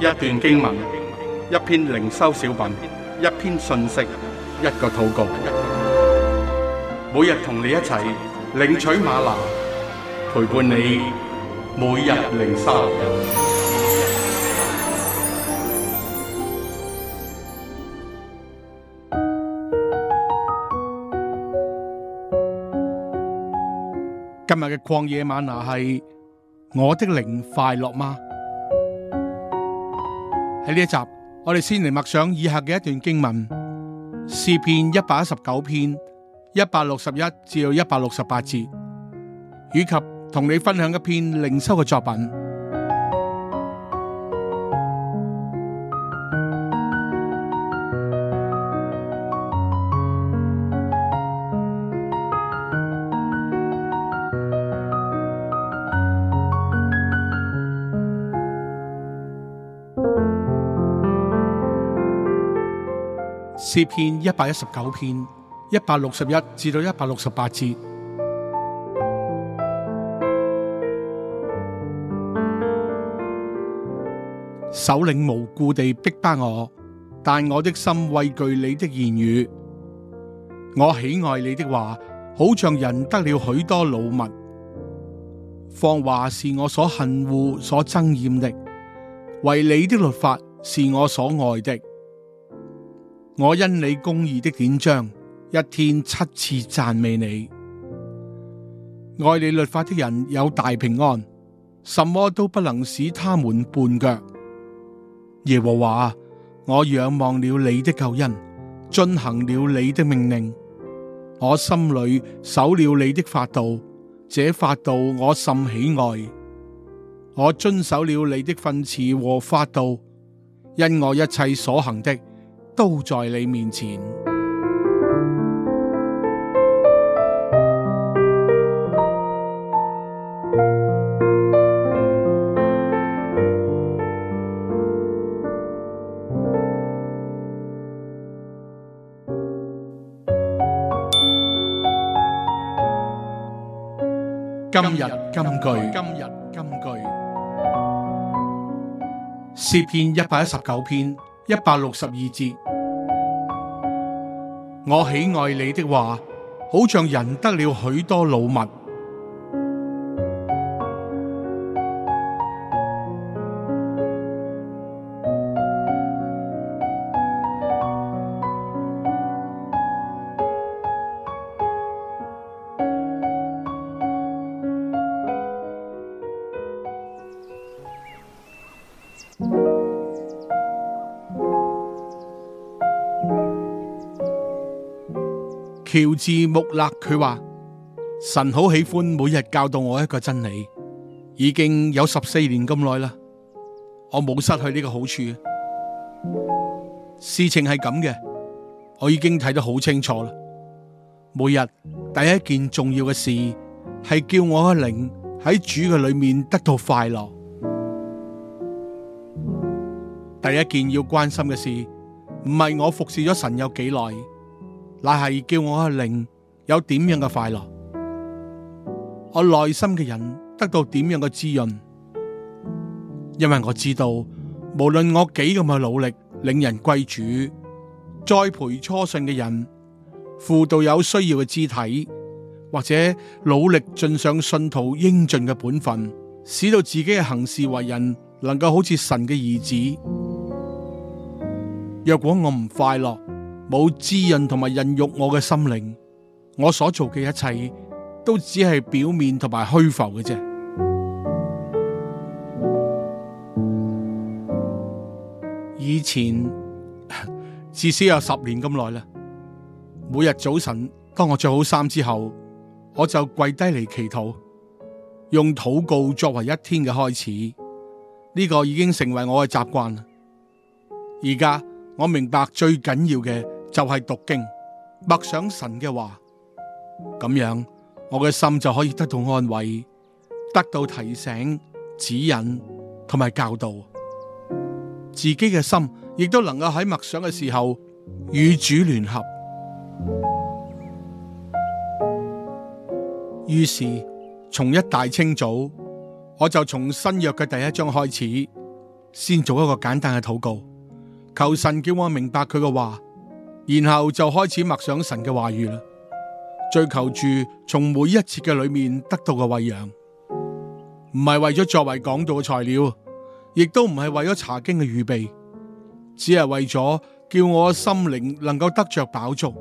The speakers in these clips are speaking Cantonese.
一段經文，一篇靈修小品，一篇信息，一個禱告。每日同你一齊領取嗎哪，陪伴你每日靈修。今日嘅曠野嗎哪係我的靈快樂嗎？喺呢一集，我哋先嚟默想以下嘅一段經文，詩篇一百一十九篇一百六十一至到一百六十八節，以及同你分享一篇靈修嘅作品。詩篇一百一十九篇一百六十一至到一百六十八節。首領無故地逼迫我，但我的心畏懼你的言語。我喜愛你的話，好像人得了許多擄物。謊話是我所恨惡、所憎厭的，惟你的律法是我所愛的。我因你公義的典章，一天七次讚美你。愛你律法的人有大平安，什麼都不能使他們絆腳。耶和華，我仰望了你的救恩，遵行了你的命令，我心裏守了你的法度，這法度我甚喜愛。我遵守了你的訓詞和法度，因我一切所行的。都在你面前。今日金句，今日金句，詩篇一百一十九篇。一百六十二節：「我喜愛你的話，好像人得了許多擄物。喬治穆勒佢話：神好喜歡每日教導我一個真理，已經有十四年咁耐啦，我冇失去呢個好處。事情係咁嘅，我已經睇得好清楚啦。每日第一件重要嘅事係叫我個靈喺主嘅裏面得到快樂。第一件要關心嘅事唔係我服侍咗神有幾耐。乃係叫我嘅靈有點樣嘅快樂，我內心嘅人得到點樣嘅滋潤？因為我知道，無論我幾咁嘅努力，領人歸主、栽培初信嘅人、輔導有需要嘅肢體，或者努力盡上信徒應盡嘅本分，使到自己嘅行事為人能夠好似神嘅兒子。若果我唔快樂，冇滋潤同埋孕育我嘅心靈，我所做嘅一切都只係表面同埋虛浮嘅啫。以前至少有十年咁耐啦，每日早晨當我着好衫之後，我就跪低嚟祈禱，用禱告作為一天嘅開始，呢個已經成為我嘅習慣。而家我明白最緊要嘅。就係讀經，默想神嘅話，咁樣我嘅心就可以得到安慰，得到提醒、指引同埋教導，自己嘅心亦都能夠喺默想嘅時候與主聯合。於是從一大清早，我就從新約嘅第一章開始，先做一個簡單嘅禱告，求神叫我明白佢嘅話。然後就開始默想神嘅話語啦，追求住從每一節嘅裏面得到嘅餵養，唔係為咗作為講道嘅材料，亦都唔係為咗查經嘅預備，只係為咗叫我心靈能夠得着飽足。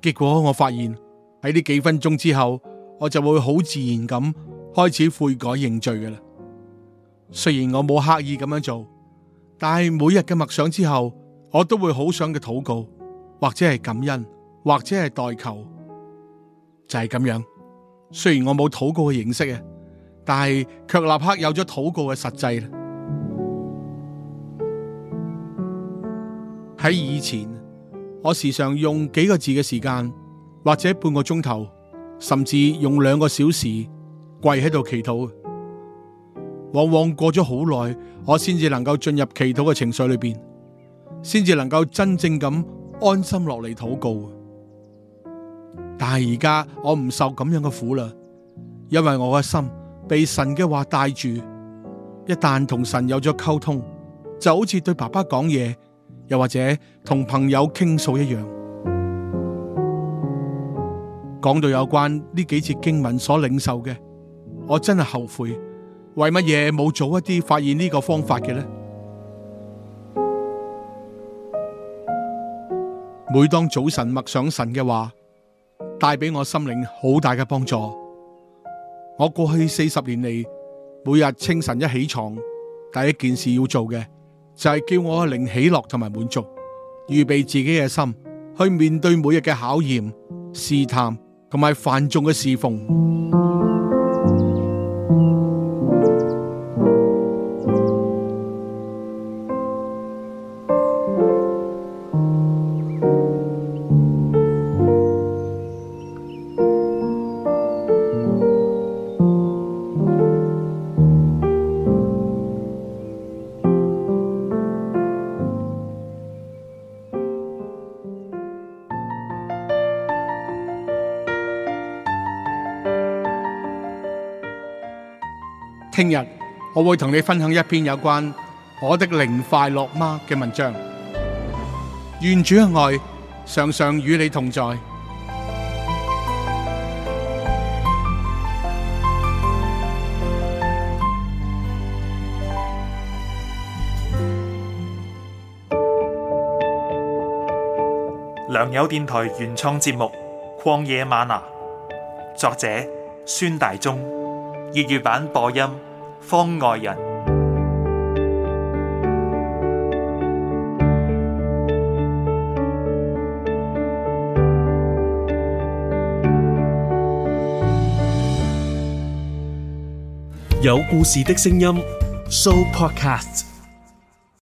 結果我發現喺呢幾分鐘之後，我就會好自然咁開始悔改認罪㗎喇。雖然我冇刻意咁樣做，但係每日嘅默想之後。我都會好想嘅禱告，或者係感恩，或者係代求，就係咁樣。雖然我冇禱告嘅形式啊，但係卻立刻有咗禱告嘅實際。喺以前，我時常用幾個字嘅時間，或者半個鐘頭，甚至用兩個小時跪喺度祈禱，往往過咗好耐，我先至能夠進入祈禱嘅情緒裏邊，先至能夠真正咁安心落嚟禱告，但係而家我唔受咁樣嘅苦啦，因為我嘅心被神嘅話帶住，一旦同神有咗溝通，就好似對爸爸講嘢，又或者同朋友傾訴一樣。講到有關呢幾次經文所領受嘅，我真係後悔，為乜嘢冇早一啲發現呢個方法嘅呢？每當早晨默想神嘅話，帶俾我心靈好大嘅幫助。我過去四十年嚟，每日清晨一起床，第一件事要做嘅，就係叫我靈喜樂同埋滿足，預備自己嘅心，去面對每日嘅考驗、試探同埋繁重嘅侍奉。聽日我會同你分享一篇有關我的靈快樂嗎嘅文章。願主嘅愛常常與你同在。良友電台原創節目《曠野嗎哪》，作者孫大中。粵語版播音，方外人。有故事的聲音，Show Podcast。